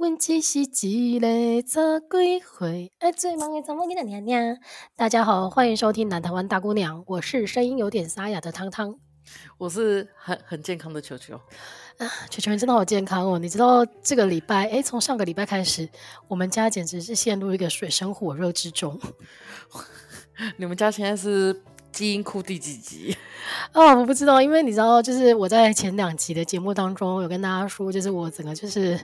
問起是幾嘞，這鬼會哎，最忙的怎麼聽的娘娘？大家好，歡迎收聽《南台灣大姑娘》，我是聲音有點沙啞的湯湯，我是很很健康的球球啊，球球你真的好健康哦！你知道這個禮拜哎，從上個禮拜開始，我們家簡直是陷入一個水深火熱之中，你們家現在是？基因庫第幾集？哦，我不知道，因為你知道，就是我在前兩集的節目當中有跟大家說，就是我整個就是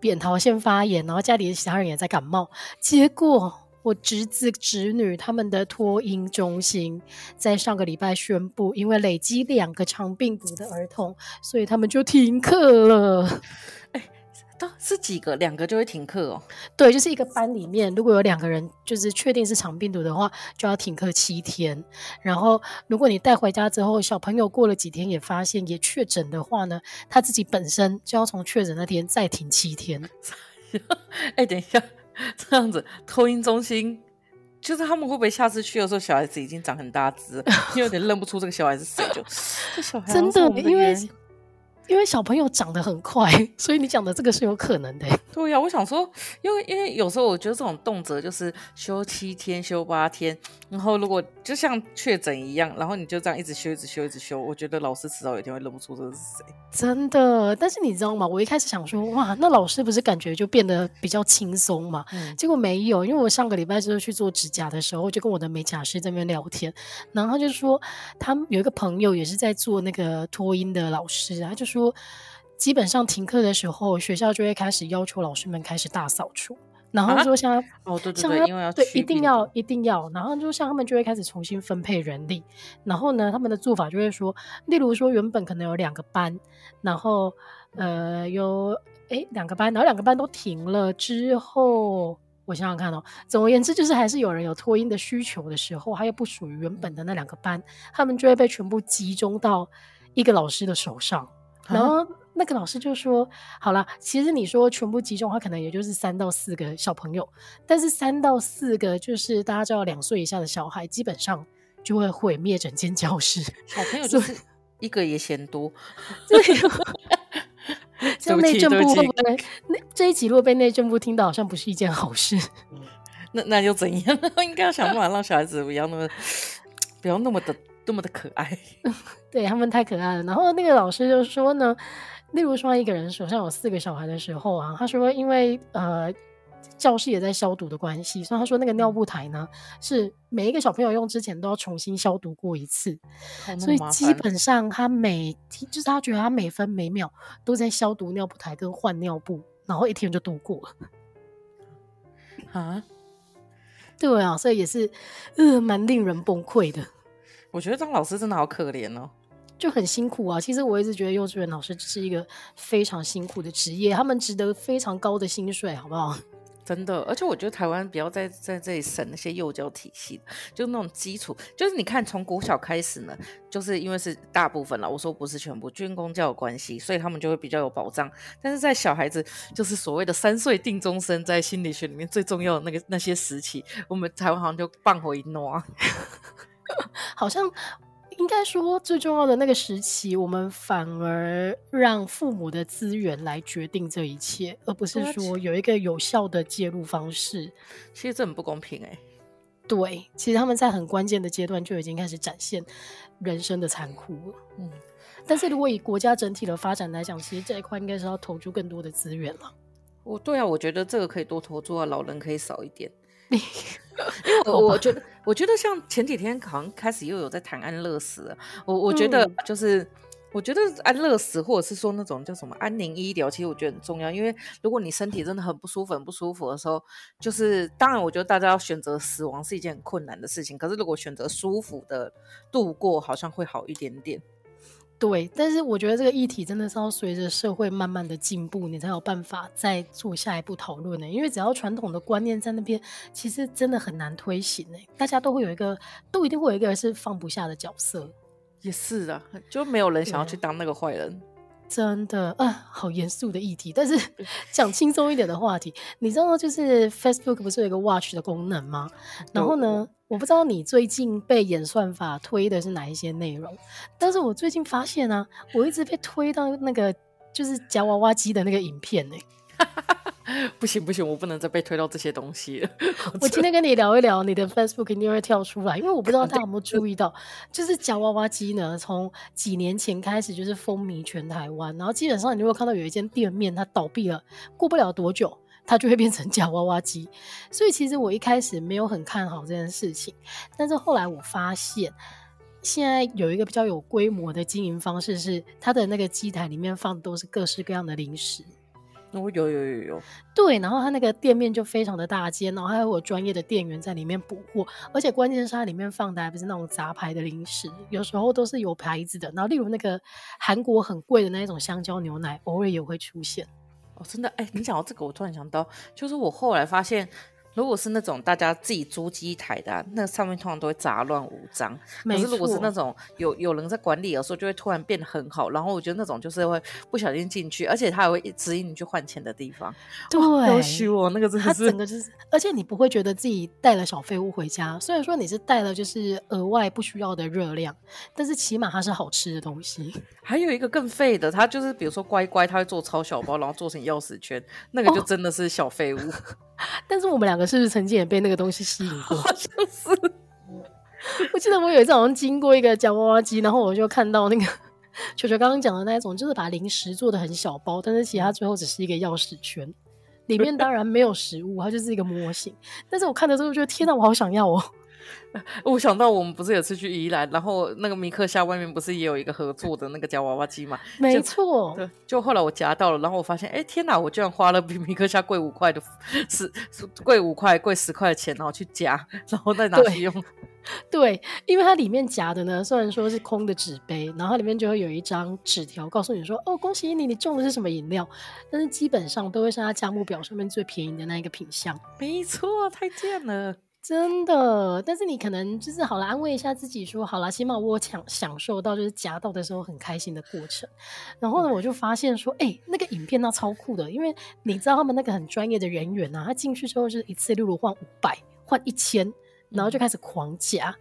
扁桃腺發炎，然後家裡其他人也在感冒，結果我侄子侄女他們的托嬰中心在上個禮拜宣布，因為累積兩個腸病毒的兒童，所以他們就停課了。 是幾個？兩個就會停課哦、喔。對，就是一個班裡面如果有兩個人就是確定是腸病毒的話，就要停課七天。然後如果你帶回家之後，小朋友過了幾天也發現也確診的話呢，他自己本身就要從確診那天再停七天。哎、 欸，等一下，這樣子，托嬰中心就是他們會不會下次去的時候，小孩子已經長很大隻， 有點認不出這個小孩子誰 就？這小孩的真的因為。因為小朋友長得很快，所以你講的這個是有可能的、欸。對呀、啊，我想說，因為因為有時候我覺得這種動輒就是休七天、休八天，然後如果就像確診一樣，然後你就這樣一直休、一直休、一直休，我覺得老師遲早有一天會認不出這是誰。真的，但是你知道嗎？我一開始想說，哇，那老師不是感覺就變得比較輕鬆嘛、嗯？結果沒有，因為我上個禮拜就是去做指甲的時候，我就跟我的美甲師在那邊聊天，然後他就說，他有一個朋友也是在做那個托嬰的老師，他就說。基本上停課的時候，學校就會開始要求老師們開始大掃除，然後就像、啊、哦對對對，他對，一定要一定要，然後就像他們就會開始重新分配人力，然後呢，他們的做法就會說，例如說原本可能有兩個班，然後呃有哎兩個班，然後兩個班都停了之後，我想想看哦，總而言之就是還是有人有拖音的需求的時候，他又不屬於原本的那兩個班，他們就會被全部集中到一個老師的手上。然後那個老師就說：“好了，其實你說全部集中的，他可能也就是三到四個小朋友。但是三到四個就是大家知道兩歲以下的小孩，基本上就會毀滅整間教室。小朋友就是一個也嫌多，哈哈。像內政部會不會，那這一集如果被內政部聽到，好像不是一件好事。那那又怎樣？ 應該要想辦法讓小孩子不要那麼不要那麼的。多麼的可愛， 對，他們太可愛了。然後那個老師就說呢，例如說一個人手上有四個小孩的時候啊，他說因為呃教室也在消毒的關係，所以他說那個尿布台呢是每一個小朋友用之前都要重新消毒過一次，所以基本上他每天就是他覺得他每分每秒都在消毒尿布台跟換尿布，然後一天就度過了。 啊，對啊，所以也是呃蠻令人崩潰的。我覺得當老師真的好可憐哦，就很辛苦啊。其實我一直覺得幼稚園老師是一個非常辛苦的職業，他們值得非常高的薪水，好不好？真的，而且我覺得台灣比較在在這裡省那些幼教體系，就那種基礎，就是你看從國小開始呢，就是因為是大部分了，我說不是全部，軍公教的關係，所以他們就會比較有保障。但是在小孩子就是所謂的三歲定終身，在心理學裡面最重要的那個那些時期，我們台灣好像就放給他爛。 好像應該說最重要的那個時期，我們反而讓父母的資源來決定這一切，而不是說有一個有效的介入方式。其實這很不公平哎、欸。對，其實他們在很關鍵的階段就已經開始展現人生的殘酷了。嗯，但是如果以國家整體的發展來講，唉其實這一塊應該是要投注更多的資源了。我對啊，我覺得這個可以多投注啊，老人可以少一點。 因為我覺得，好怕 我覺得像前幾天好像開始又有在談安樂死。我我覺得就是，嗯、我覺得安樂死或者是說那種叫什麼安寧醫療，其實我覺得很重要。因為如果你身體真的很不舒服、很不舒服的時候，就是當然，我覺得大家要選擇死亡是一件很困難的事情。可是如果選擇舒服的度過，好像會好一點點。對，但是我覺得這個議題真的是要隨着社會慢慢的進步，你才有辦法再做下一步討論呢，因為只要傳統的觀念在那邊，其實真的很難推行呢，大家都會有一個，都一定會有一個是放不下的角色。也是啊，就沒有人想要去當那個壞人。真的，啊，好嚴肅的議題，但是講輕鬆一點的話題，你知道，就是 Facebook 不是有一個 Watch 的功能嗎？然後呢，哦，我不知道你最近被演算法推的是哪一些內容，但是我最近發現啊，我一直被推到那個就是夾娃娃機的那個影片呢，欸。 不行不行，我不能再被推到這些東西了 我今天跟你聊一聊你的 Facebook，一定會跳出來，因為我不知道他有沒有注意到，嗯、就是夾娃娃機呢，從幾年前開始就是風靡全台灣，然後基本上你如果看到有一間店面它倒閉了，過不了多久它就會變成夾娃娃機。所以其實我一開始沒有很看好這件事情，但是後來我發現，現在有一個比較有規模的經營方式是，它的那個機台裡面放的都是各式各樣的零食。有有有有，有有有對，然後他那個店面就非常的大間，然後還有我專業的店員在裡面補貨，而且關鍵是它裡面放的還不是那種雜牌的零食，有時候都是有牌子的，然後例如那個韓國很貴的那一種香蕉牛奶，偶爾也會出現。哦，真的，哎，你講到這個，我突然想到，就是我後來發現。如果是那種大家自己租機台的，啊，那上面通常都會雜亂無章。沒錯。可是如果是那種有有人在管理的時候，就會突然變得很好。然後我覺得那種就是會不小心進去，而且他還會指引你去換錢的地方。對，好虛哦，那個真的是。他整個就是，而且你不會覺得自己帶了小廢物回家。雖然說你是帶了就是額外不需要的熱量，但是起碼它是好吃的東西。還有一個更廢的，他就是比如說乖乖，他會做超小包， 然後做成鑰匙圈，那個就真的是小廢物。哦 但是我們兩個是不是曾經也被那個東西吸引過？好像是， 我記得我有一次好像經過一個夾娃娃機，然後我就看到那個球球剛剛講的那一種，就是把零食做的很小包，但是其實它最後只是一個鑰匙圈，裡面當然沒有食物，它就是一個模型。但是我看的時候，就天吶、啊、我好想要哦。我想到我們不是有次去宜蘭，然後那個米克夏外面不是也有一個合作的那個夾娃娃機嘛？沒錯錯，對，就後來我夾到了，然後我發現，哎、欸，天哪，我居然花了比米克夏貴五塊的十貴五塊貴十塊錢，然後去夾，然後再對拿去用。對，因為它裡面夾的呢，雖然說是空的紙杯，然後它裡面就會有一張紙條，告訴你說，哦，恭喜你，你中的是什麼飲料？但是基本上都會是它價目表上面最便宜的那一個品項。沒錯，太賤了。真的，但是你可能就是好了，安慰一下自己說好了，起碼我享享受到就是夾到的時候很開心的過程。然後呢，我就發現說，哎，那個影片那超酷的，因為你知道他們那個很專業的人員啊，他進去之後就是一次例如換五百，換一千，然後就開始狂夾，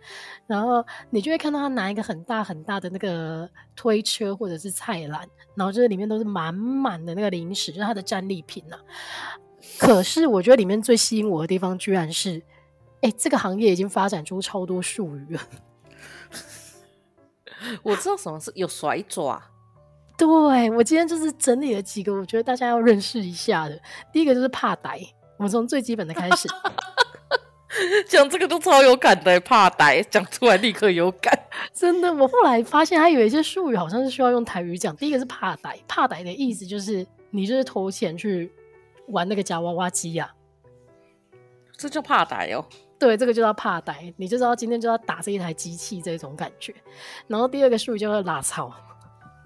然後你就會看到他拿一個很大很大的那個推車或者是菜籃，然後就是裡面都是滿滿的那個零食，就是他的戰利品啊。可是我覺得裡面最吸引我的地方，居然是。哎、欸，這個行業已經發展出超多術語了。我知道什麼是有甩爪。對，我今天就是整理了幾個，我覺得大家要認識一下的。第一個就是怕逮。我們從最基本的開始。講 這個都超有感的，欸，怕逮講出來立刻有感。真的，我後來發現他有一些術語好像是需要用台語講。第一個是怕逮。怕逮的意思就是你就是投錢去玩那個夾娃娃機呀，啊，這叫怕逮哦。對，這個就叫怕呆，你就知道今天就要打這一台機器這種感覺。然後第二個術語叫做拉槽，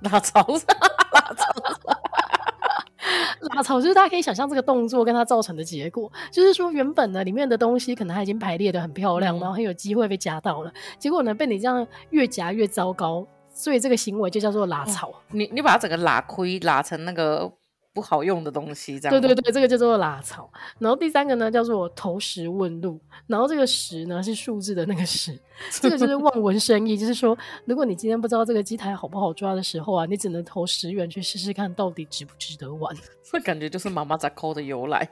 拉槽是，拉槽是，拉 槽，槽就是大家可以想象這個動作跟它造成的結果，就是說原本呢，裡面的東西可能它已經排列得很漂亮、嗯、然後很有機會被夾到了，結果呢被你這樣越夾越糟糕，所以這個行為就叫做拉槽。嗯、你你把它整個拉虧拉成那個。不好用的東西，這樣對對對，這個叫做拉草。然後第三個呢叫做投石問路，然後這個石呢是數字的那個石，這個就是望文生義， 就是說如果你今天不知道這個機台好不好抓的時候啊，你只能投十元去試試看，到底值不值得玩。 這感覺就是媽媽在摳的由來，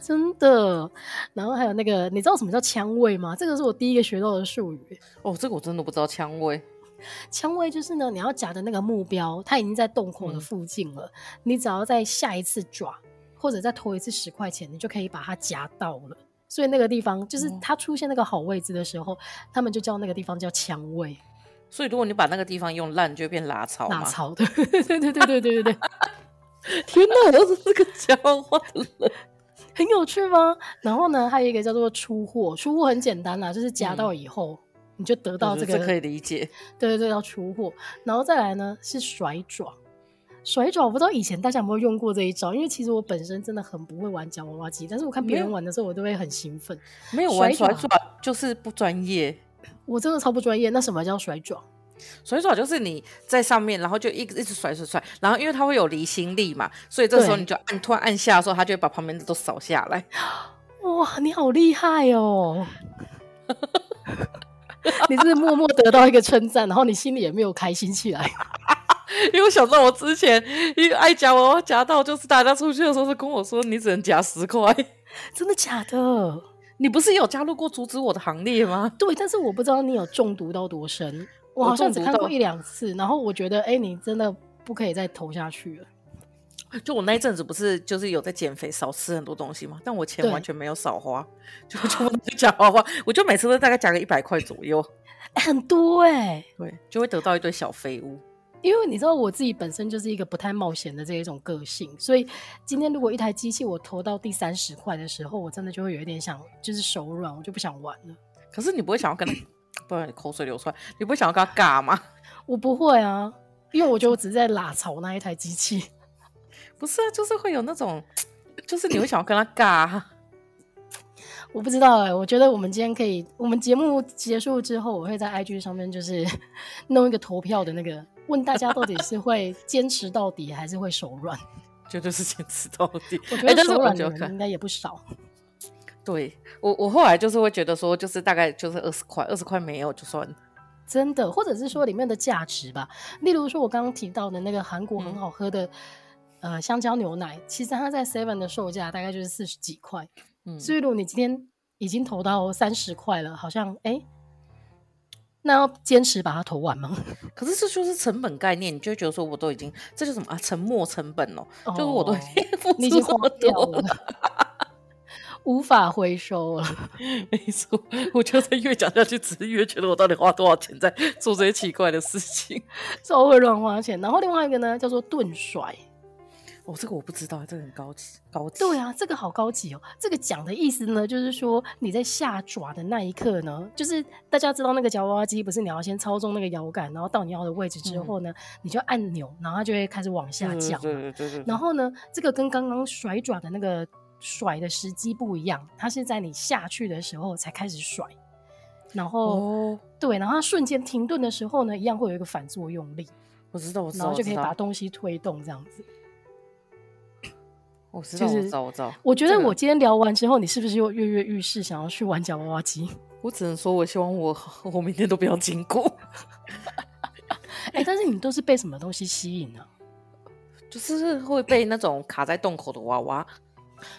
真的。然後還有那個，你知道什麼叫槍位嗎？這個是我第一個學到的術語。哦，這個我真的不知道槍位。槍位就是呢，你要夾的那個目標，它已經在洞口的附近了。嗯、你只要再下一次抓，或者再投一次十塊錢，你就可以把它夾到了。所以那個地方就是它出現那個好位置的時候，嗯、他們就叫那個地方叫槍位。所以如果你把那個地方用爛，就變拉槽。拉槽，對對對對對對對，對 天哪，都是這個交換了， 很有趣嗎？然後呢，還有一個叫做出貨，出貨很簡單啦，就是夾到以後。嗯你就得到這個，可以理解，對對對，要出貨。然後再來呢是甩爪。甩爪我不知道以前大家有沒有用過這一招？因為其實我本身真的很不會玩夾娃娃機，但是我看別人玩的時候，我都會很興奮。沒有玩甩爪，就是不專業。我真的超不專業。那什麼叫甩爪？甩爪就是你在上面，然後就一直一直甩甩甩，然後因為它會有離心力嘛，所以這時候你就按突然按下的時候，它就會把旁邊的都掃下來。哇，你好厲害哦！ 你是默默得到一個稱讚，然後你心裡也沒有開心起來， 因為我想到我之前一個愛夾，我要夾到，就是大家出去的時候是跟我說，你只能夾十塊， 真的假的？你不是有加入過阻止我的行列嗎？對，但是我不知道你有中毒到多深，我好像只看過一兩次，然後我覺得，欸，你真的不可以再投下去了。就我那陣子不是就是有在減肥，少吃很多東西嘛，但我錢完全沒有少花，對就就加花花，我就每次都大概加個一百塊左右， 欸、很多哎、欸，對，就會得到一堆小廢物。因為你知道我自己本身就是一個不太冒險的這一種個性，所以今天如果一台機器我投到第三十塊的時候，我真的就會有一點想，就是手軟，我就不想玩了。可是你不會想要跟他 不然你口水流出來，你不會想要跟他尬嗎？我不會啊，因為我覺得我只是在拉槽那一台機器。不是啊，就是會有那種，就是你會想要跟他尬，啊。 我不知道哎、欸，我覺得我們今天可以，我們節目結束之後，我會在 I G 上面就是弄一個投票的那個，問大家到底是會堅持， 持到底，還是會手軟？絕對是堅持到底。我覺得手軟的人應該也不少。欸、我對我，我後來就是會覺得說，就是大概就是二十塊，二十塊沒有就算。真的，或者是說裡面的價值吧，例如說我剛剛提到的那個韓國很好喝的、嗯。呃，香蕉牛奶，其實它在 Seven 的售價大概就是四十幾塊。嗯，所以如果你今天已經投到三十塊了，好像哎、欸，那要堅持把它投完嗎？可是這就是成本概念，你就覺得說我都已經，這就是什麼啊？沉沒成本、喔、哦，就是我都已經付出這麼多了，了 無法回收了。沒錯，我覺得越講下去，只是越覺得我到底花多少錢在做這些奇怪的事情，所以 會亂花錢。然後另外一個呢，叫做頓甩。哦，這個我不知道，這個很高級，高級。對啊，這個好高級哦。這個講的意思呢，就是說你在下爪的那一刻呢，就是大家知道那個夾娃娃機不是你要先操縱那個搖桿，然後到你要的位置之後呢，嗯、你就按鈕，然後它就會開始往下降。是是是，是是。然後呢，這個跟剛剛甩爪的那個甩的時機不一樣，它是在你下去的時候才開始甩。然後，哦、對，然後它瞬間停頓的時候呢，一樣會有一個反作用力。我知道，我知道。然後就可以把東西推動這樣子。我知道，我知道，我知道。我覺得、這個、我今天聊完之後，你是不是又躍躍欲試，想要去玩夾娃娃機？我只能說我希望我我明天都不要經過。哎，但是你都是被什麼東西吸引呢、啊？就是會被那種卡在洞口的娃娃，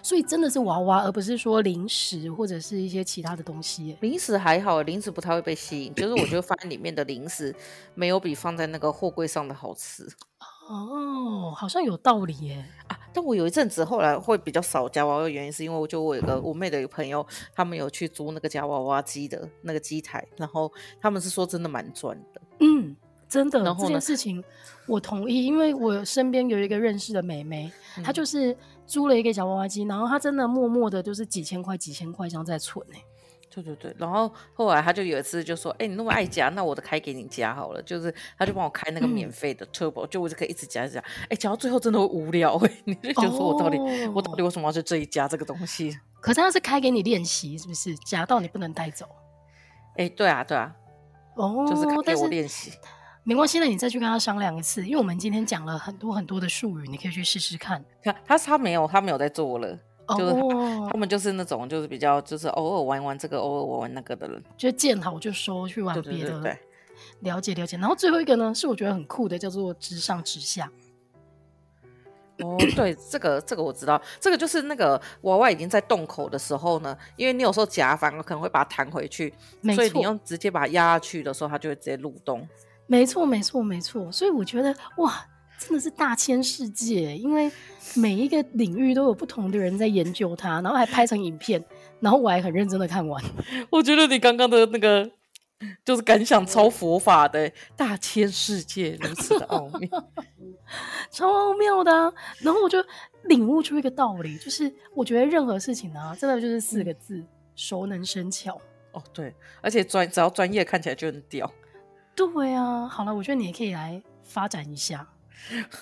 所以真的是娃娃，而不是說零食或者是一些其他的東西、欸。零食還好，零食不太會被吸引。就是我覺得放在裡面的零食，沒有比放在那個貨櫃上的好吃 哦，好像有道理耶、欸。啊但我有一陣子後來會比較少夾娃娃的原因是因為我覺我有一個我妹的一個朋友，他們有去租那個夾娃娃機的那個機台，然後他們是說真的蠻賺的，嗯，真的。然後這件事情我同意，因為我身邊有一個認識的美眉，嗯，她就是租了一個夾娃娃機，然後她真的默默的就是幾千塊幾千塊這樣在存，欸對對對，然後後來他就有一次就說：“哎、欸，你那麼愛夾，那我就開給你夾好了。”就是他就幫我開那個免費的 turbo 就我、嗯、就可以一直夾，夾。哎、欸，夾到最後真的會無聊。哎、欸，你、哦、 就說我到底我到底為什麼要在這裡夾這個東西？可是他是開給你練習，是不是夾到你不能帶走？哎、欸，對啊，對啊，哦，就是開給我練習，沒關係，那你再去跟他商量一次，因為我們今天講了很多很多的術語，你可以去試試看看他他，他沒有他沒有在做了。Oh, 就是他們就是那種就是比較就是偶爾玩玩這個偶爾玩玩那個的人，就見好就收去玩別的，對對對，對了解了解。然後最後一個呢，是我覺得很酷的，叫做直上直下。哦，oh， 對，這個這個我知道，這個就是那個娃娃已經在洞口的時候呢，因為你有時候夾反而可能會把它彈回去，沒錯，所以你用直接把它壓下去的時候，它就會直接入洞。沒錯沒錯沒錯，所以我覺得哇，真的是大千世界，欸，因為每一個領域都有不同的人在研究它，然後還拍成影片，然後我還很認真的看完。 我覺得你剛剛的那個就是感想超佛法的，欸，大千世界如此的奧妙， 超妙的，啊。然後我就領悟出一個道理，就是我覺得任何事情呢，啊，真的就是四個字：嗯、熟能生巧。哦，對，而且專只要專業看起來就很屌。對啊，好了，我覺得你也可以來發展一下。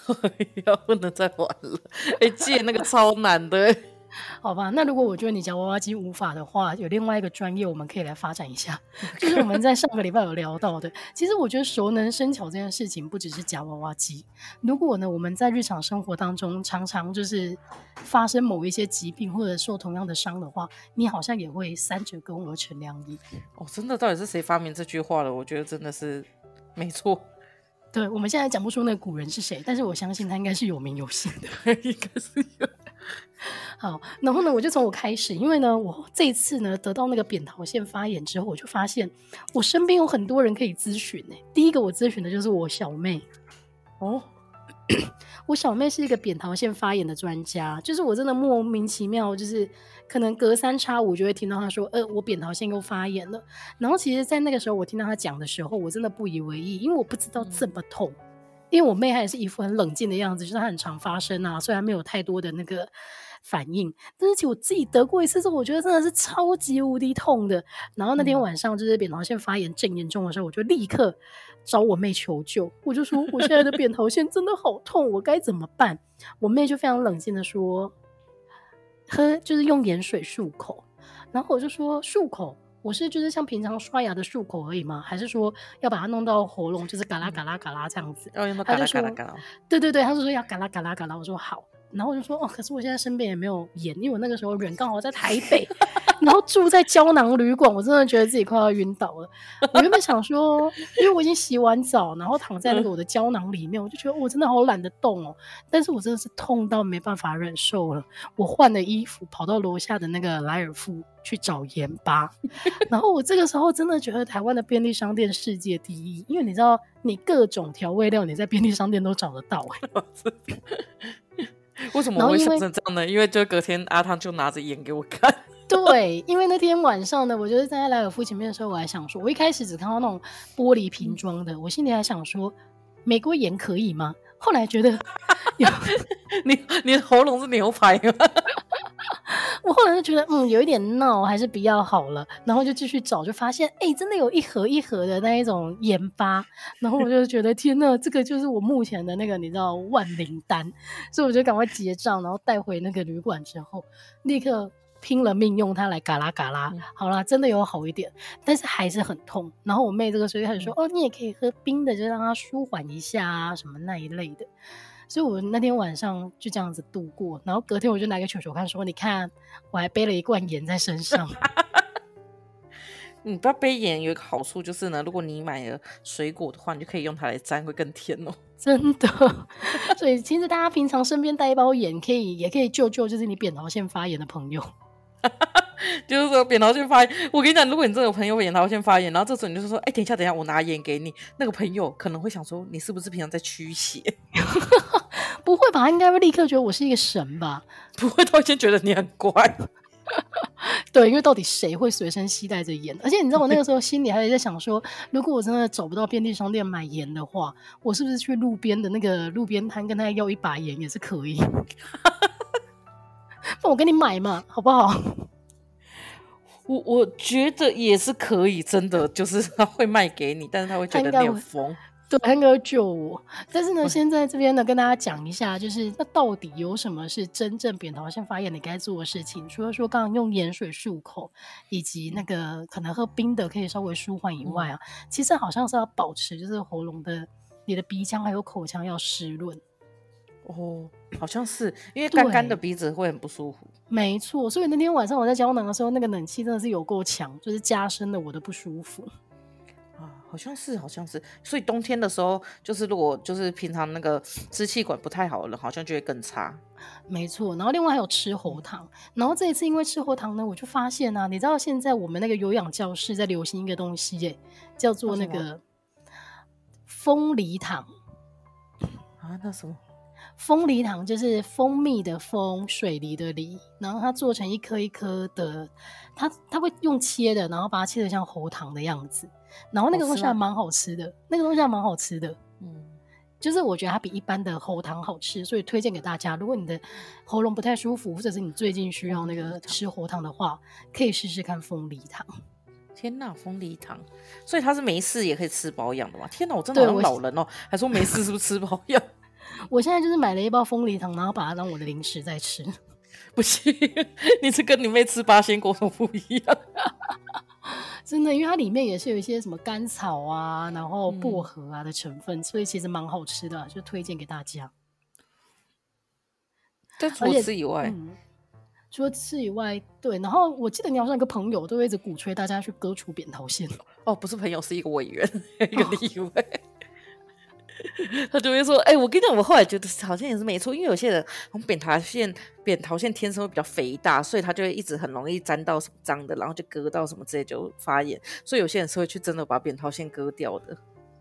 我 要不能再玩了，哎，借那個超難的、欸。好吧，那如果我覺得你夾娃娃機無法的話，有另外一個專業我們可以來發展一下，就是我們在上個禮拜有聊到的。 其實我覺得熟能生巧這件事情不只是夾娃娃機，如果呢我們在日常生活當中常常就是發生某一些疾病或者受同樣的傷的話，你好像也會三折肱而成良醫。哦，真的，到底是誰發明這句話的？我覺得真的是沒錯。對，我們現在講不出那個古人是誰，但是我相信他應該是有名有姓的，呵呵是好，然後呢，我就從我開始，因為呢，我這一次呢得到那個扁桃腺發炎之後，我就發現我身邊有很多人可以諮詢誒、欸。第一個我諮詢的就是我小妹，哦， 我小妹是一個扁桃腺發炎的專家，就是我真的莫名其妙，就是。可能隔三差五就會聽到她說：“呃，我扁桃腺又發炎了。”然後其實，在那個時候，我聽到她講的時候，我真的不以為意，因為我不知道這麼痛。嗯、因為我妹還是一副很冷靜的樣子，就是她很常發生啊，雖然沒有太多的那個反應，但是其實我自己得過一次之後，我覺得真的是超級無敵痛的。然後那天晚上就是扁桃腺發炎正嚴重的時候，嗯、我就立刻找我妹求救，我就說：“我現在的扁桃腺真的好痛， 我該怎麼辦？”我妹就非常冷靜的說。喝就是用鹽水漱口，然後我就說漱口，我是就是像平常刷牙的漱口而已嗎？還是說要把它弄到喉嚨，就是嘎啦嘎啦嘎啦這樣子？他、哦、就說，對對對，他就說要嘎啦嘎啦嘎啦，我說好。然後我就說哦，可是我現在身邊也沒有鹽，因為我那個時候人剛好在台北， 然後住在膠囊旅館，我真的覺得自己快要暈倒了。我原本想說，因為我已經洗完澡，然後躺在那個我的膠囊裡面，我就覺得我、哦、真的好懶得動哦。但是我真的是痛到沒辦法忍受了，我換了衣服，跑到樓下的那個萊爾富去找鹽巴。 然後我這個時候真的覺得台灣的便利商店世界第一，因為你知道，你各種調味料你在便利商店都找得到、欸 為什麼我會笑成這樣呢？因為，因為就隔天阿湯就拿着鹽給我看。對， 因為那天晚上呢，我就是在萊爾富前面的時候，我還想說，我一開始只看到那種玻璃瓶裝的，我心裡還想說，美國鹽可以嗎？後來覺得， 你你的喉嚨是牛排嗎？ 我後來就覺得，嗯，有一點鬧，還是比較好了。然後就繼續找，就發現，哎、欸，真的有一盒一盒的那一種鹽巴。然後我就覺得， 天吶，這個就是我目前的那個，你知道萬靈丹。 所以我就趕快結賬，然後帶回那個旅館之後，立刻拼了命用它來嘎啦嘎啦。嗯、好啦，真的有好一點，但是還是很痛。然後我妹這個時候就開始說，嗯、哦，你也可以喝冰的，就讓它舒緩一下啊，什麼那一類的。所以我那天晚上就這樣子度過，然後隔天我就拿給球球看，說：“你看，我還背了一罐鹽在身上。 你不要背鹽，有一個好處就是呢，如果你買了水果的話，你就可以用它來粘，會更甜哦。真的，所以其實大家平常身邊帶一包鹽，可以也可以救救，就是你扁桃腺發炎的朋友。” 就是說，扁桃腺發炎。我跟你講，如果你真的有朋友扁桃腺發炎，然後這時候你就是說：“哎、欸，等一下，等一下，我拿鹽給你。”那個朋友可能會想說：“你是不是平常在驅邪？” 不會吧？他應該會立刻覺得我是一個神吧？不會，他先覺得你很怪。 對，因為到底誰會隨身攜帶着鹽？而且你知道我那個時候心裡還在想說：如果我真的找不到便利商店買鹽的話，我是不是去路邊的那個路邊攤跟他要一把鹽也是可以？ 我給你買嘛，好不好？我我覺得也是可以，真的就是他會賣給你，但是他會覺得你有瘋。對，應該要救我。但是呢，現在這邊呢，跟大家講一下，就是、嗯、那到底有什麼是真正扁桃腺發炎你該做的事情？除了說剛剛用鹽水漱口，以及那個可能喝冰的可以稍微舒緩以外啊，嗯、其實好像是要保持就是喉嚨的、你的鼻腔還有口腔要濕潤。哦，好像是因為乾乾的鼻子會很不舒服。沒錯，所以那天晚上我在膠囊的時候，那個冷氣真的是有夠強，就是加深了我的不舒服。啊，好像是，好像是。所以冬天的時候，就是如果就是平常那個支氣管不太好了，好像就會更差。沒錯，然後另外還有吃喉糖，然後這一次因為吃喉糖呢，我就發現啊，你知道現在我們那個有氧教室在流行一個東西、欸，叫做那個鳳、啊、梨糖啊，那什麼？蜂梨糖就是蜂蜜的蜂，水梨的梨，然後它做成一顆一顆的，它它會用切的，然後把它切得像喉糖的樣子，然後那個東西還蠻好吃的，吃那個東西還蠻好吃的，嗯，就是我覺得它比一般的喉糖好吃，所以推薦給大家。如果你的喉嚨不太舒服，或者是你最近需要那個吃喉糖的話，可以試試看蜂梨糖。天哪，蜂梨糖，所以它是沒事也可以吃保養的嗎？天哪，我真的好像老人哦，還說沒事是不是吃保養？ 我現在就是買了一包風梨糖，然後把它當我的零食在吃。不是，你是跟你妹吃八仙果海不一樣。 真的，因為它裡面也是有一些什麼甘草啊，然後薄荷啊的成分，嗯、所以其實蠻好吃的，就推薦給大家。對，除此以外、嗯，除此以外，對，然後我記得你好像一個朋友都會一直鼓吹大家去割除扁桃腺。哦，不是朋友，是一個委員，哦、 一個立 他就會說：“哎、欸，我跟你講，我後來覺得好像也是沒錯，因為有些人，我們扁桃腺，扁桃腺天生會比較肥大，所以它就會一直很容易沾到什麼髒的，然後就割到什麼之類就發炎，所以有些人是會去真的把扁桃腺割掉的。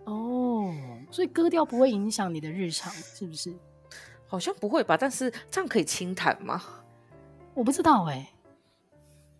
哦，oh, 所以割掉不會影響你的日常是不是？好像不會吧？但是這樣可以清痰嗎？我不知道哎、欸。”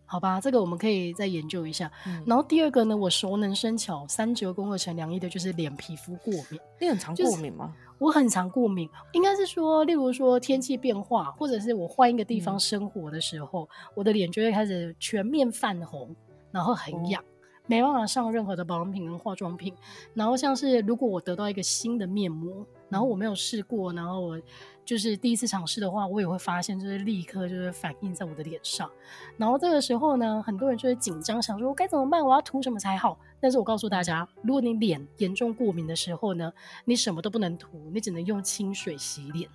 好吧，這個我們可以再研究一下。嗯、然後第二個呢，我熟能生巧，三折肱而成良醫的，就是臉皮膚過敏。你很常過敏嗎？我很常過敏，應該是說，例如說天氣變化，或者是我換一個地方生活的時候，嗯、我的臉就會開始全面泛紅，然後很癢，嗯、沒辦法上任何的保養品跟化妝品。然後像是如果我得到一個新的面膜。然後我沒有試過，然後我就是第一次嘗試的話，我也會發現就是立刻就是反應在我的臉上，然後這個時候呢，很多人就會緊張，想說我該怎麼辦，我要塗什麼才好？但是我告訴大家，如果你臉嚴重過敏的時候呢，你什麼都不能塗，你只能用清水洗臉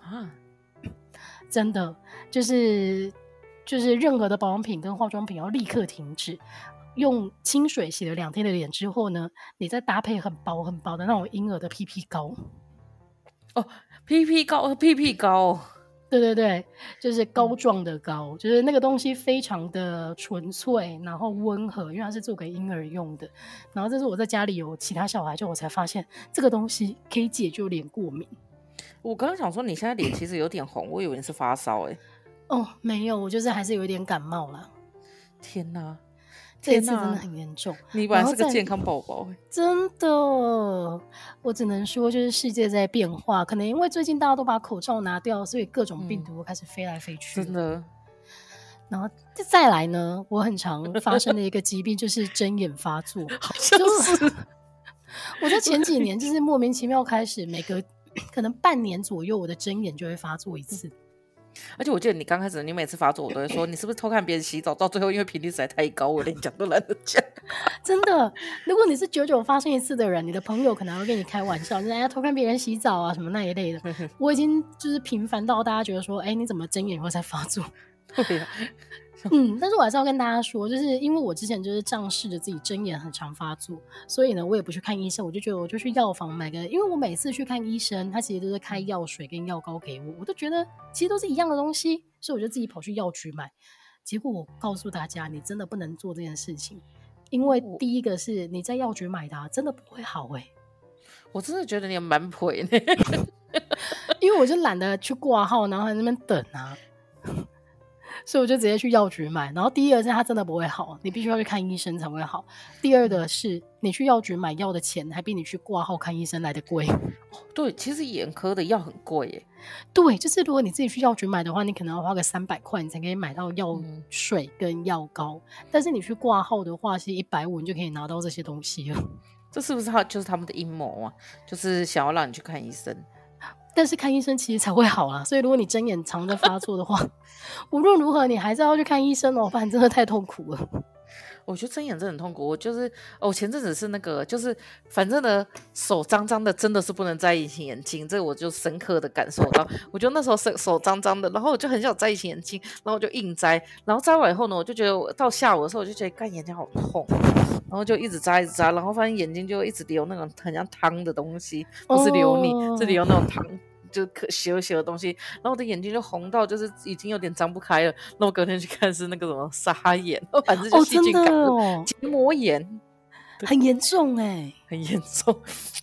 啊，真的就是就是任何的保養品跟化妝品要立刻停止。用清水洗了兩天的臉之後呢，你再搭配很薄很薄的那種嬰兒的 PP 屁屁膏，哦，PP 膏，PP 膏，屁屁膏，對對對，就是膏狀的膏，嗯、就是那個東西非常的純粹，然後溫和，因為它是做給嬰兒用的。然後這是我在家裡有其他小孩之後，就我才發現這個東西可以解救臉過敏。我剛剛想說，你現在臉其實有點紅， 我以為你是發燒哎、欸。哦，沒有，我就是還是有點感冒了。天哪！這一次真的很嚴重，你本來是個健康寶寶。真的，我只能說，就是世界在變化，可能因為最近大家都把口罩拿掉，所以各種病毒開始飛來飛去、嗯。真的，然後再來呢，我很常發生的一個疾病 就是針眼發作，好像是就是。我在前幾年就是莫名其妙開始， 每隔可能半年左右，我的針眼就會發作一次。嗯而且我記得你剛開始，你每次發作，我都會說你是不是偷看別人洗澡。到最後，因為頻率實在太高，我連講都懶得講。 真的，如果你是久久發生一次的人，你的朋友可能會跟你開玩笑，說哎呀偷看別人洗澡啊什麼那一類的。 我已經就是頻繁到大家覺得說，哎、欸，你怎麼睜眼以後才發作？對呀、啊。 嗯，但是我還是要跟大家說，就是因為我之前就是仗勢著自己針眼很常發作，所以呢，我也不去看醫生，我就覺得我就去藥房買個，因為我每次去看醫生，他其實都是開藥水跟藥膏給我，我都覺得其實都是一樣的東西，所以我就自己跑去藥局買。結果我告訴大家，你真的不能做這件事情，因為第一個是你在藥局買的、啊、真的不會好哎、欸。我真的覺得你有蠻痞的， 因為我就懶得去掛號，然後在那邊等啊。 所以我就直接去藥局買，然後第一個是它真的不會好，你必須要去看醫生才會好。第二個是你去藥局買藥的錢，還比你去掛號看醫生來的貴、哦。對，其實眼科的藥很貴耶。對，就是如果你自己去藥局買的話，你可能要花個三百塊，你才可以買到藥水跟藥膏。嗯、但是你去掛號的話，是一百五，你就可以拿到這些東西了。這是不是他就是他們的陰謀啊？就是想要讓你去看醫生。但是看醫生其實才會好啊。所以如果你針眼常在發作的話， 無論如何你還是要去看醫生哦、喔，不然真的太痛苦了。我覺得針眼真的很痛苦。我就是，哦，前陣子是那個，就是反正呢，手髒髒的，真的是不能摘隱形眼鏡，這個我就深刻的感受到。我覺得那時候手手髒髒的，然後我就很想摘隱形眼鏡，然後我就硬摘，然後摘完以後呢，我就覺得我到下午的時候，我就覺得乾眼睛，好痛，然後就一直摘一直摘，然後發現眼睛就一直流那種很像湯的東西，不是流淚，哦，是流那種湯。就可洗而洗的東西，然後我的眼睛就紅到就是已經有點張不開了。那我隔天去看是那個什麼沙眼，哦，反正就細菌感染，結膜炎，哦哦、很嚴重哎，很嚴重。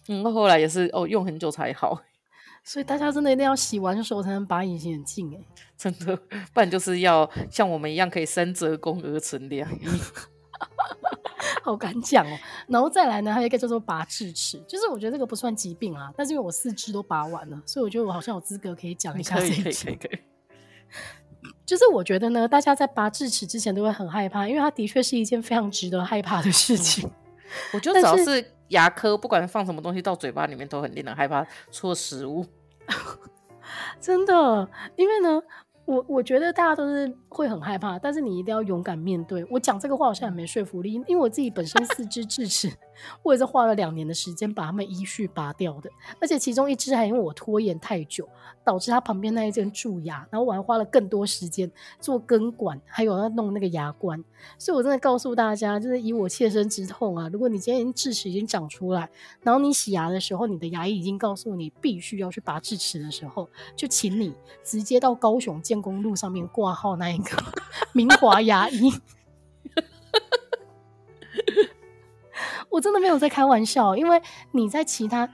嗯，那後來也是哦，用很久才好。所以大家真的一定要洗完的時候，才能把隱形眼鏡哎，真的，不然就是要像我們一樣可以三折肱而成的呀。 好敢講哦，然後再來呢，還有一個叫做拔智齒，就是我覺得這個不算疾病啊，但是因為我四肢都拔完了，所以我覺得我好像有資格可以講一下這一集。可以可以可以。就是我覺得呢，大家在拔智齒之前都會很害怕，因為它的確是一件非常值得害怕的事情。我覺得只要是牙科，不管放什麼東西到嘴巴裡面，都很令人害怕，除了食物。真的，因為呢。我我覺得大家都是會很害怕，但是你一定要勇敢面對。我講這個話好像很沒說服力，因為我自己本身四顆智齒。 我也是花了兩年的時間把它們依序拔掉的，而且其中一隻還因為我拖延太久，導致它旁邊那一根蛀牙，然後我還花了更多時間做根管，還有要弄那個牙冠。所以，我真的告訴大家，就是以我切身之痛啊，如果你今天智齒已經長出來，然後你洗牙的時候，你的牙醫已經告訴你必須要去拔智齒的時候，就請你直接到高雄建工路上面掛號那一個明華牙醫。 我真的沒有在開玩笑，因為你在其他，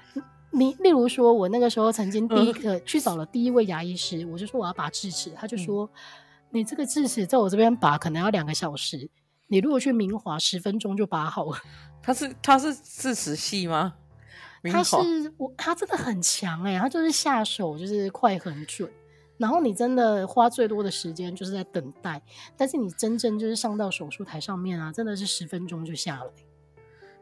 你例如說，我那個時候曾經第一個、 呃、去找了第一位牙醫師，我就說我要拔智齒，他就說、嗯、你這個智齒在我這邊拔可能要兩個小時，你如果去明華十分鐘就拔好了。他是他是智齒系嗎？明華。他是我他真的很強哎、欸，他就是下手就是快很準，然後你真的花最多的時間就是在等待，但是你真正就是上到手術台上面啊，真的是十分鐘就下了。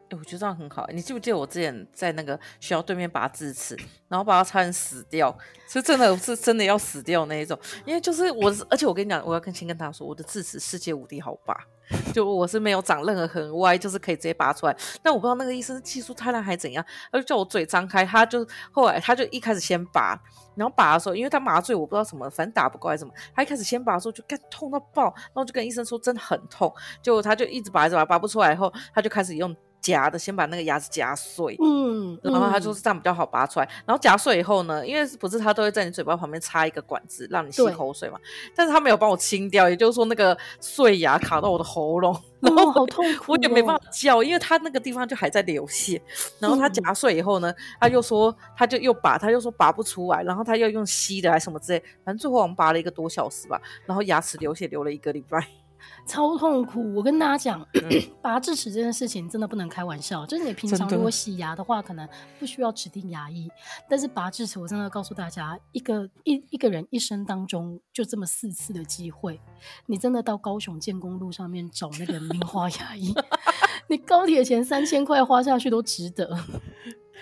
哎、欸，我覺得這樣很好，欸。你記不記得我之前在那個學校對面拔智齒，然後把它差點死掉，是真的，是真的要死掉那一種。因為就是我，而且我跟你講，我要更新跟他說，我的智齒世界無敵好拔。就我是沒有長任何很歪，就是可以直接拔出來。但我不知道那個醫生技術太爛還怎樣，他就叫我嘴張開，他就後來他就一開始先拔，然後拔的時候，因為他麻醉我不知道什麼，反正打不過來什麼。他一開始先拔的時候就幹，痛到爆，然後就跟醫生說真的很痛。就他就一直拔一直拔，拔不出來以後，他就開始用。夾的，先把那個牙齒夾碎，嗯，然後他就是這樣比較好拔出來。嗯、然後夾碎以後呢，因為不是他都會在你嘴巴旁邊插一個管子讓你吸口水嘛，對但是他沒有幫我清掉，也就是說那個碎牙卡到我的喉嚨，然後、嗯、好痛苦，我也沒辦法叫，因為他那個地方就還在流血。然後他夾碎以後呢，嗯、他又說他就又拔，他又說拔不出來，然後他又用吸的還什麼之類，反正最後我們拔了一個多小時吧，然後牙齒流血流了一個禮拜。超痛苦！我跟大家講， 拔智齒這件事情真的不能開玩笑。就是你平常如果洗牙的話，的可能不需要指定牙醫，但是拔智齒，我真的告訴大家，一個一一個人一生當中就這麼四次的機會，你真的到高雄建工路上面找那個名花牙醫， 你高鐵錢三千塊花下去都值得。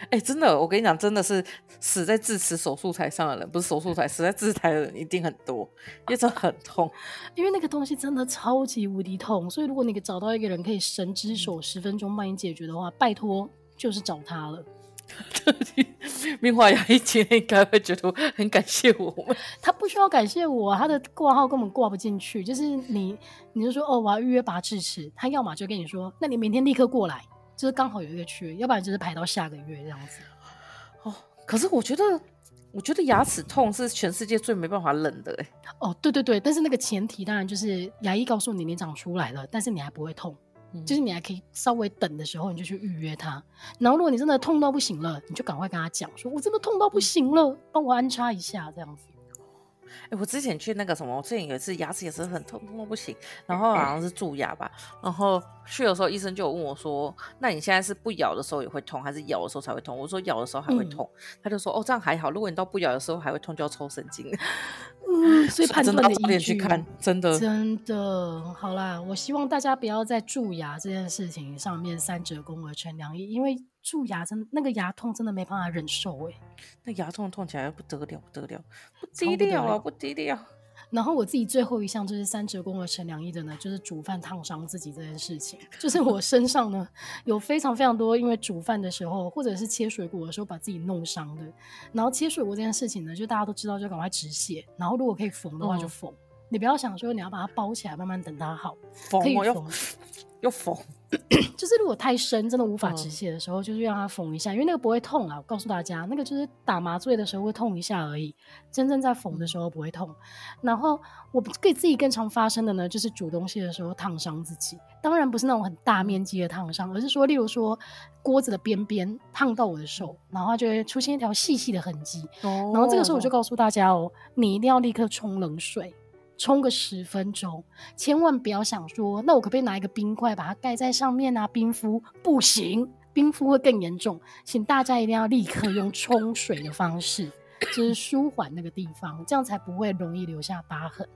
哎、欸，真的，我跟你講，真的是死在智齒手術台上的人，不是手術台、嗯、死在智齒台的人一定很多，啊、因為真的很痛，因為那個東西真的超級無敵痛。所以如果你找到一個人可以神之手十分鐘幫你解決的話，嗯、拜託就是找他了。明華牙醫群應該會覺得很感謝我 他不需要感謝我，他的掛號根本掛不進去。就是你，你就說哦，我要預約拔智齒，他要麼就跟你說，那你明天立刻過來。就是剛好有一個缺，要不然就是排到下個月這樣子。哦，可是我覺得，我覺得牙齒痛是全世界最沒辦法忍的、欸嗯、哦，對對對，但是那個前提當然就是牙醫告訴你，你長出來了，但是你還不會痛，嗯、就是你還可以稍微等的時候，你就去預約他。然後如果你真的痛到不行了，你就趕快跟他講，說我真的痛到不行了，幫、嗯、我安插一下這樣子。欸、我之前去那個什麼，我之前有一次牙齒也是很痛痛到不行，然後好像是蛀牙吧。嗯、然後去的時候醫生就有問我說：“那你現在是不咬的時候也會痛，還是咬的時候才會痛？”我說：“咬的時候還會痛。嗯”他就說：“哦，這樣還好。如果你到不咬的時候還會痛，就要抽神經。”嗯，所以判斷的依據，真的要早點去看。真的真的好啦。我希望大家不要在蛀牙這件事情上面三折肱而成良醫，因為。蛀牙真的那個牙痛真的沒辦法忍受，誒、欸。那牙痛痛起來不得了不得了，不低調啊不低調。然後我自己最後一項就是三折肱而成良醫的呢，就是煮飯燙傷自己這件事情，就是我身上呢 有非常非常多因為煮飯的時候或者是切水果的時候把自己弄傷的。然後切水果這件事情呢，就大家都知道，就趕快止血，然後如果可以縫的話就縫。嗯哦你不要想說你要把它包起來，慢慢等它好，縫、喔，要縫， 就是如果太深，真的無法止血的時候，嗯、就是讓它縫一下，因為那個不會痛啊。我告訴大家，那個就是打麻醉的時候會痛一下而已，真正在縫的時候不會痛。嗯、然後我給自己更常發生的呢，就是煮東西的時候燙傷自己，當然不是那種很大面積的燙傷，而是說，例如說鍋子的邊邊燙到我的手，嗯、然後就會出現一條細細的痕跡。哦、然後這個時候我就告訴大家哦、喔，嗯、你一定要立刻沖冷水。沖個十分鐘，千萬不要想說，那我可不可以拿一個冰塊把它蓋在上面啊？冰敷不行，冰敷會更嚴重。請大家一定要立刻用沖水的方式， 就是舒緩那個地方，這樣才不會容易留下疤痕。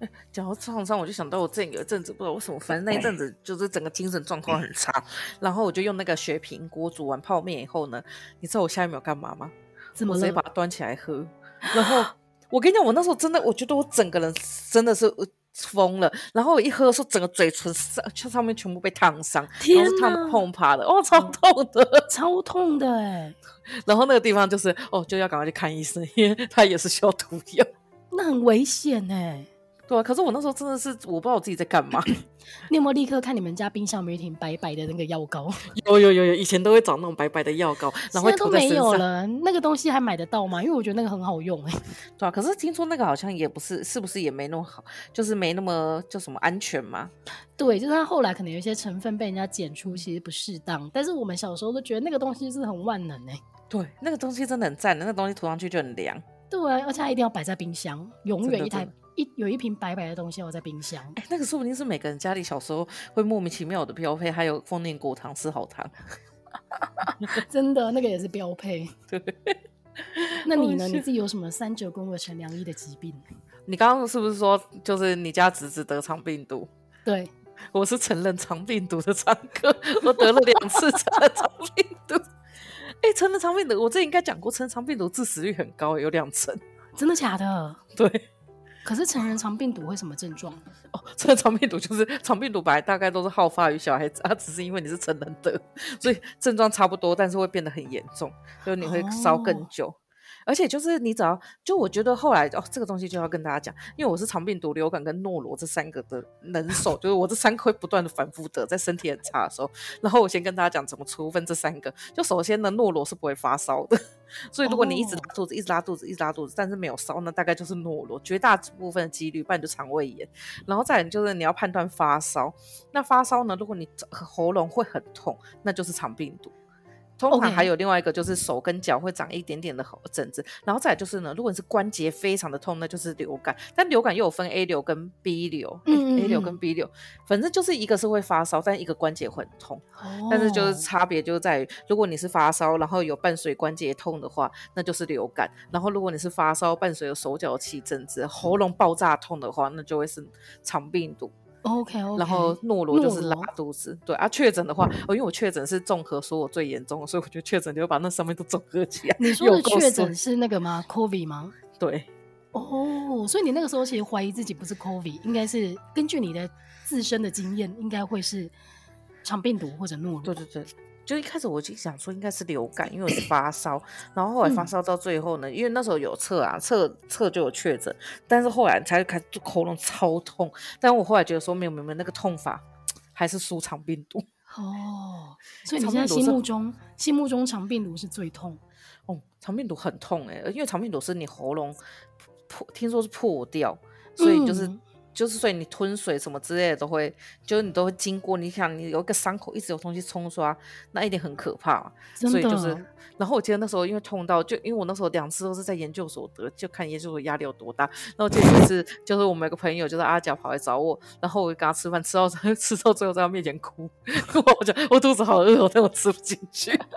講到創傷，我就想到我最近有一陣子不知道為什麼，反正那一陣子就是整個精神狀況很差，對然後我就用那個雪平鍋煮完泡面以後呢，你知道我下一秒幹嘛嗎？怎麼我直接把它端起來喝，然後。我跟你講，我那時候真的，我覺得我整個人真的是瘋了。然後我一喝的時候，整個嘴唇上上面全部被燙傷，都哪是燙的碰爬的，哦，超痛的，嗯、超痛的、欸。哎，然後那個地方就是哦，就要趕快去看醫生，因為它也是消毒藥，那很危險呢、欸。可是我那時候真的是，我不知道我自己在幹嘛 。你有沒有立刻看你們家冰箱沒一瓶白白的那個藥膏？有有有有，以前都會找那種白白的藥膏，然後塗在身上。現在都沒有了，那個東西還買得到嗎？因為我覺得那個很好用哎、欸。對啊，可是聽說那個好像也不是，是不是也沒弄好？就是沒那麼叫什麼安全嗎？對，就是它後來可能有一些成分被人家檢出其實不適當，但是我們小時候都覺得那個東西是很萬能哎、欸。對，那個東西真的很讚的，那個東西塗上去就很涼。對啊，而且它一定要擺在冰箱，永遠一台真的真的。一有一瓶白白的東西我在冰箱，哎、欸，那個說不定是每個人家裡小時候會莫名其妙的標配，還有豐年果糖、吃好糖， 真的那個也是標配。對， 那你呢？想你自己有什麼三折肱而成良醫的疾病？你剛剛是不是說就是你家侄子，子得腸病毒？對，我是成人腸病毒的唱歌。 我得了兩次成人腸病毒。哎、 欸，成人腸病毒，我之前應該講過，成人腸病毒致死率很高、欸，有兩成。真的假的？對。可是成人腸病毒會什麼症狀？哦，成人腸病毒就是腸病毒，本來大概都是好發於小孩子，它、啊、只是因為你是成人的，所以，所以症狀差不多，但是會變得很嚴重，就是你會燒更久。哦而且就是你只要就我覺得後來哦這個東西就要跟大家講，因為我是腸病毒、流感跟諾羅這三個的能手，就是我這三個會不斷的反覆的在身體很差的時候，然後我先跟大家講怎麼區分這三個。就首先呢，諾羅是不會發燒的，所以如果你一直拉肚子、一直拉肚子、一直拉肚子，但是沒有燒，那大概就是諾羅，絕大部分的幾率，不然就腸胃炎。然後再就是你要判斷發燒，那發燒呢，如果你喉嚨會很痛，那就是腸病毒。通常還有另外一個就是手跟腳會長一點點的疹子，Okay 然後再就是呢，如果你是關節非常的痛，那就是流感。但流感又有分 A 流跟 B 流，嗯嗯嗯，A 流跟 B 流，反正就是一個是會發燒，但一個關節會很痛，哦、但是就是差別就在於，如果你是發燒，然後有伴隨關節痛的話，那就是流感；然後如果你是發燒，伴隨有手腳起疹子、喉嚨爆炸痛的話，那就會是腸病毒。OK，okay 然後諾羅就是拉肚子，諾羅？對啊。確診的話，哦，因為我確診是綜合，說我最嚴重，所以我就確診，就把那上面都綜合起來。你說的確診是那個嗎？Covid 嗎？對，哦，oh, 所以你那個時候其實懷疑自己不是 Covid，應該是根據你的自身的經驗，應該會是腸病毒或者諾羅。對對對。就一開始我就想說應該是流感，因為我是發燒，然後後來發燒到最後呢，嗯、因為那時候有測啊，測測就有確診，但是後來才開始喉嚨超痛，但我後來覺得說沒有沒有那個痛法還是輸腸病毒哦。所以你現在心目中心目中腸病毒是最痛哦？腸病毒很痛誒、欸，因為腸病毒是你喉嚨破，聽說是破掉，所以就是。嗯就是所以你吞水什麼之類的都會，就是你都會經過。你想你有一個傷口，一直有東西沖刷，那一定很可怕。真的。所以就是，然後我記得那時候因為痛到，就因為我那時候兩次都是在研究所得，就看研究所壓力有多大。然後就有一次，就是我們有個朋友，就是阿甲跑來找我，然後我就跟他吃飯，吃到吃到最後在他面前哭， 我講我肚子好餓，但我都吃不進去。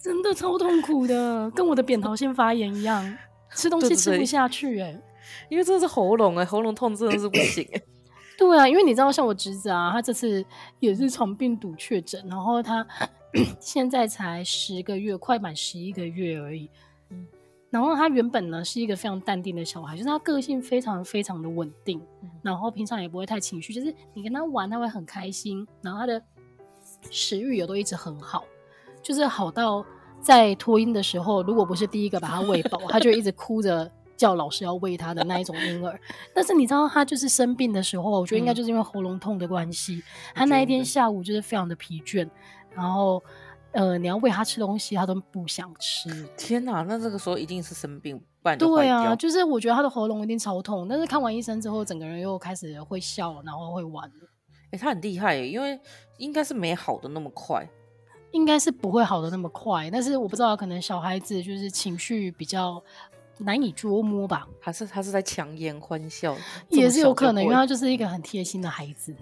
真的超痛苦的，跟我的扁桃腺發炎一樣，吃東西吃不下去欸。 因為這是喉嚨哎、欸，喉嚨痛真的是不行哎、欸。 對啊，因為你知道，像我侄子啊，他這次也是腸病毒確診，然後他 現在才十個月，快滿十一個月而已。嗯、然後他原本呢是一個非常淡定的小孩，就是他個性非常非常的穩定，嗯、然後平常也不會太情緒，就是你跟他玩他會很開心，然後他的食慾也都一直很好，就是好到在托嬰的時候，如果不是第一個把他餵飽， 他就一直哭着。叫老師要餵他的那一種嬰兒， 但是你知道他就是生病的時候，我覺得應該就是因為喉嚨痛的關係。嗯、他那一天下午就是非常的疲倦，嗯、然後，呃，你要餵他吃東西，他都不想吃。天哪，那這個時候一定是生病，半天。對啊，就是我覺得他的喉嚨一定超痛。但是看完醫生之後，整個人又開始會笑，然後會玩。哎、欸，他很厲害，因為應該是沒好的那麼快，應該是不會好的那麼快。但是我不知道，可能小孩子就是情緒比較。難以捉摸吧？還是他是在強顏歡笑？也是有可能，因為他就是一個很貼心的孩子，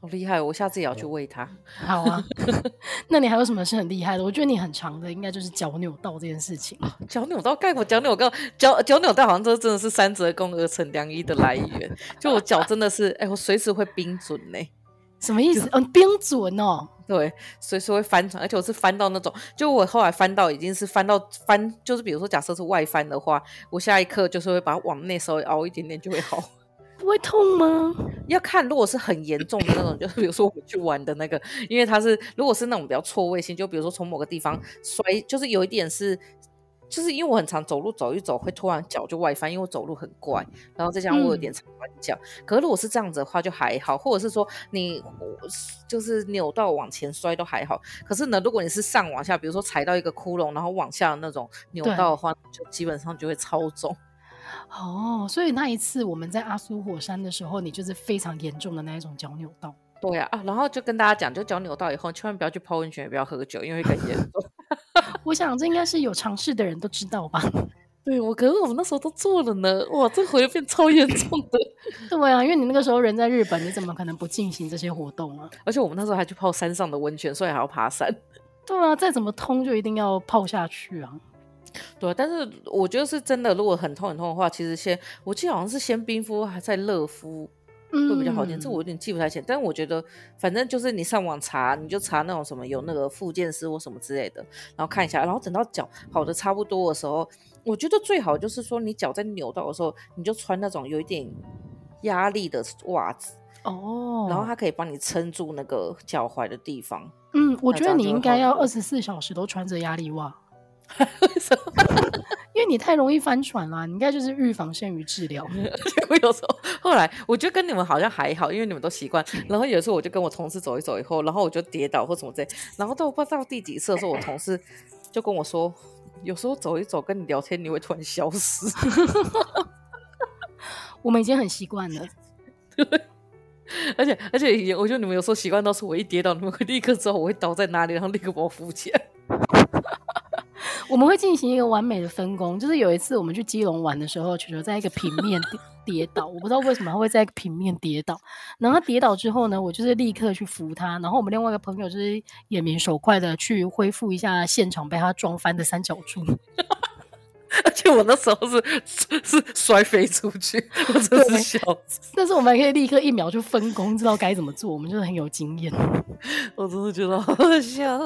好、哦、厲害！我下次也要去餵他。好啊， 那你還有什麼是很厲害的？我覺得你很常的，應該就是腳扭到這件事情。腳、啊、扭到，概括腳扭個腳腳扭到，好像這真的是三折肱而成良醫的來源。 就我腳真的是，哎、欸，我隨時會冰準呢、欸。什麼意思？就嗯，標準哦。對，所以說會翻轉，而且我是翻到那種，就我後來翻到已經是翻到翻，就是比如說假設是外翻的話，我下一刻就是會把它往內稍微凹一點點就會好。不會痛嗎？要看，如果是很嚴重的那種，就是比如說我們去玩的那個，因為它是如果是那種比較錯位性，就比如說從某個地方摔，就是有一點是。就是因為我很常走路，走一走會突然腳就外翻，因為我走路很怪，然後再加上我有點長彎腳。嗯、可是如果是這樣子的話就還好，或者是說你就是扭到往前摔都還好。可是呢，如果你是上往下，比如說踩到一個窟窿，然後往下那種扭到的話，對就基本上就會超重哦，oh, 所以那一次我們在阿蘇火山的時候，你就是非常嚴重的那一種腳扭到。對呀、啊，啊，然後就跟大家講，就腳扭到以後千萬不要去泡溫泉，也不要喝酒，因為感覺。 我想這應該是有嘗試的人都知道吧？ 對，我可是我們那時候都做了呢。哇，這回變超嚴重的。 對呀、啊，因為你那個時候人在日本，你怎麼可能不進行這些活動啊？而且我們那時候還去泡山上的溫泉，所以還要爬山。對啊，再怎麼痛就一定要泡下去啊。對啊，但是我覺得是真的，如果很痛很痛的話，其實先，我記得好像是先冰敷，再熱敷。會比較好一點，嗯、這我有點記不太清，但我覺得反正就是你上網查，你就查那種什麼有那個復健師或什麼之類的，然後看一下，然後等到腳好的差不多的時候，我覺得最好就是說你腳在扭到的時候，你就穿那種有一點壓力的襪子，哦，然後它可以幫你撐住那個腳踝的地方。嗯，我覺得你應該要二十四小時都穿着壓力襪。為什麼？因為你太容易翻船啦，你應該就是預防勝於治療。 而且我有時候後來，我覺得跟你們好像還好，因為你們都習慣。然後有時候我就跟我同事走一走，以後然後我就跌倒或什麼這，然後到不知道第幾次的時候，我同事就跟我說，唉唉唉，有時候走一走跟你聊天，你會突然消失。 我們已經很習慣了，對。而且而且，我覺得你們有時候習慣，到是我一跌倒，你們會立刻知道我會倒在哪裡，然後立刻把我扶起來。我們會進行一個完美的分工，就是有一次我們去基隆玩的時候，球球在一個平面跌倒，我不知道為什麼他會在一個平面跌倒。然後跌倒之後呢，我就是立刻去扶他，然後我們另外一個朋友就是眼明手快的去恢復一下現場被他撞翻的三角柱。 而且我那時候是是，是摔飛出去，我真是笑死。但是我們還可以立刻一秒就分工，知道該怎麼做，我們就是很有經驗。 我真的覺得好笑。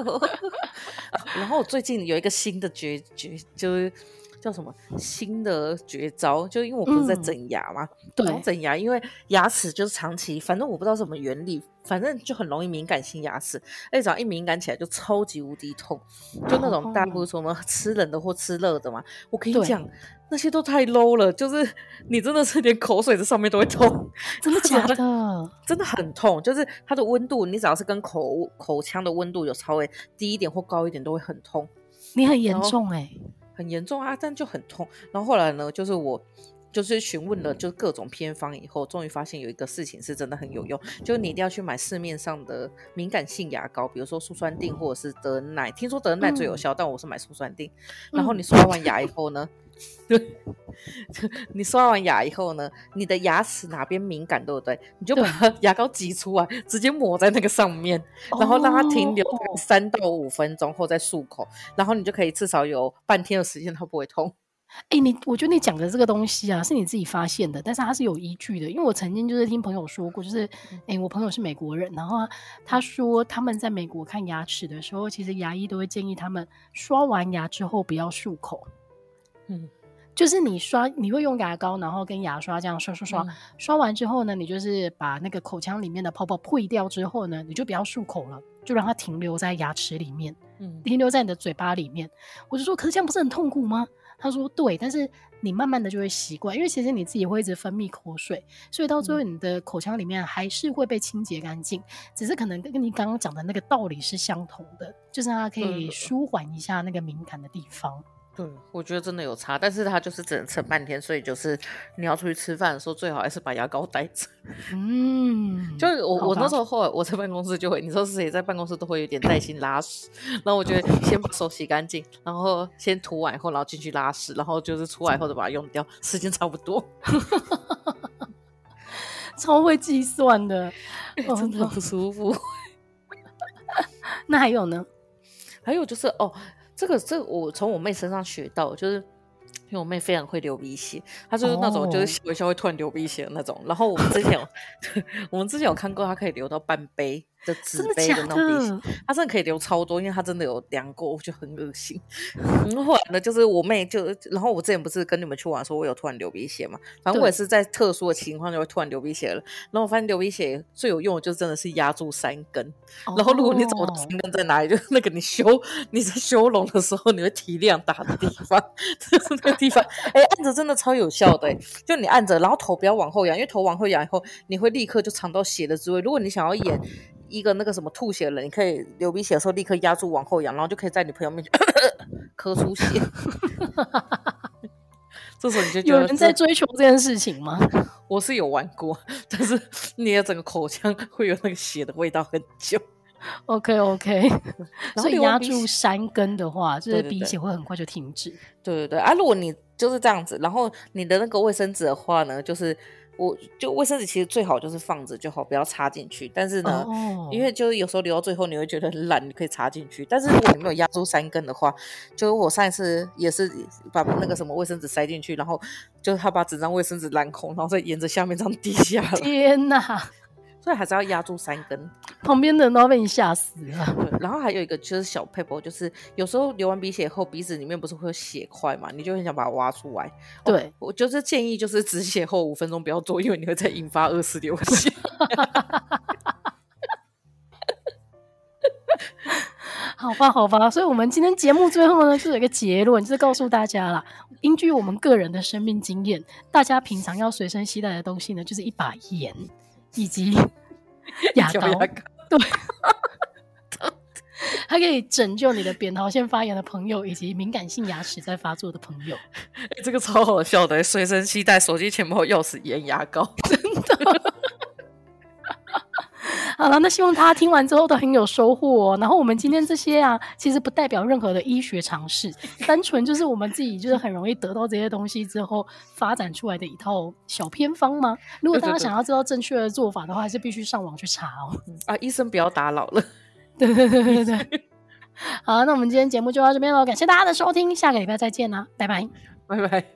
然後我最近有一個新的絕絕，就是叫什麼新的絕招？就因為我不是在整牙嘛，嗯、對整牙，因為牙齒就是長期，反正我不知道什麼原理，反正就很容易敏感性牙齒，而且只要一敏感起來就超級無敵痛，哦、就那種、哦、大家，不是說什麼吃冷的或吃熱的嘛，我可以講。那些都太 low 了，就是你真的是連口水在上面都會痛。真的假的？真的很痛，就是它的溫度，你只要是跟口口腔的溫度有稍微低一點或高一點，都會很痛。你很嚴重哎、欸，很嚴重啊，但就很痛。然後後來呢，就是我就是詢問了、嗯、就各種偏方以後，終於發現有一個事情是真的很有用，就是你一定要去買市面上的敏感性牙膏，比如說舒酸定或者是德恩奈。聽說德恩奈最有效，嗯、但我是買舒酸定。然後你刷完牙以後呢？嗯 你刷完牙以後呢，你的牙齒哪邊敏感，對不對？你就把牙膏擠出來，對直接抹在那個上面，哦、然後讓它停留三到五分鐘後再漱口，哦、然後你就可以至少有半天的時間它不會痛。哎、欸，你，我覺得你講的這個東西啊，是你自己發現的，但是它是有依據的，因為我曾經就是聽朋友說過，就是哎、欸，我朋友是美國人，然後他說他們在美國看牙齒的時候，其實牙醫都會建議他們刷完牙之後不要漱口。嗯，就是你刷，你會用牙膏，然後跟牙刷這樣刷刷刷，嗯、刷完之後呢，你就是把那個口腔裡面的泡泡褪掉之後呢，你就不要漱口了，就讓它停留在牙齒裡面，嗯，停留在你的嘴巴裡面。嗯、我就說，可是這樣不是很痛苦嗎？他說對，但是你慢慢的就會習慣，因為其實你自己會一直分泌口水，所以到最後你的口腔裡面還是會被清潔乾淨，嗯、只是可能跟你剛剛講的那個道理是相同的，就是讓它可以舒緩一下那個敏感的地方。嗯對、嗯，我覺得真的有差，但是他就是只能撐半天，所以就是你要出去吃飯的時候，最好還是把牙膏帶着。嗯，就是我吧我那時候後來我在辦公室就會，你說是誰在辦公室都會有點耐心拉屎，然後我覺得先把手洗乾淨，然後先塗完以後，然後進去拉屎，然後就是出來或者把它用掉，時間差不多。 超會計算的，哦、真的不舒服。 那還有呢？還有就是哦。這個，這個、我從我妹身上學到，就是因為我妹非常會流鼻血，她就是那種就是微笑，笑會突然流鼻血的那種，然後我們之前有 我們之前有看過，她可以流到半杯。的紙杯的那種鼻血，真的假的？它真的可以流超多，因為它真的有量過，我覺得很噁心。很、 嗯、後的就是我妹就，然後我之前不是跟你們去玩的時候，我有突然流鼻血嘛？對反正我也是在特殊的情況就會突然流鼻血了。然後我發現流鼻血最有用的就是真的是壓住三根，oh. 然後如果你找不到三根在哪裡，就是那個你修你在修容的時候，你會提亮打的地方，就是 那個地方。誒，按着真的超有效的，就你按着，然後頭不要往後仰，因為頭往後仰以後，你會立刻就嚐到血的滋味。如果你想要演。Oh. 一個那個什麼吐血人，你可以流鼻血的時候立刻壓住往後仰，然後就可以在你朋友面前咳，咳出血。 這時候你就有人在追求這件事情嗎？ 我是有玩過，但是你的整個口腔會有那個血的味道很久。OK OK， 然後壓住山根的話，就是鼻血會很快就停止。對對對，對啊，如果你就是這樣子，然後你的那個衛生紙的話呢，就是。我就衛生紙其實最好就是放着就好，不要插進去。但是呢，oh. 因為就是有時候留到最後，你會覺得很懶，你可以插進去。但是如果你沒有壓住三根的話，就是我上一次也是把那個什麼衛生紙塞進去，然後就是他把整張衛生紙攔空，然後再沿着下面這樣滴下了。天吶！所以還是要壓住三根，旁邊的人都要被你嚇死了。然後還有一個就是小撇步，就是有時候流完鼻血後，鼻子裡面不是會有血塊嘛？你就很想把它挖出來。對、oh, 我就是建議，就是止血後五分鐘不要做，因為你會再引發二次流血。 好吧，好吧，所以我們今天節目最後呢，就有一個結論，就是告訴大家啦，根據我們個人的生命經驗，大家平常要隨身攜帶的東西呢，就是一把鹽。以及牙膏，牙膏對，它 可以拯救你的扁桃腺發炎的朋友，以及敏感性牙齒在發作的朋友。欸、這個超好笑的，欸，隨身攜帶手機、錢包、鑰匙、鹽、牙膏，真的。 好了，那希望大家聽完之後都很有收穫哦。然後我們今天這些啊，其實不代表任何的醫學常識，單純就是我們自己就是很容易得到這些東西之後發展出來的一套小偏方嗎？如果大家想要知道正確的做法的話，還是必須上網去查哦。啊，醫生不要打擾了。對對對對對。 好，那我們今天節目就到這邊嘍，感謝大家的收聽，下個禮拜再見啦，拜拜，拜拜。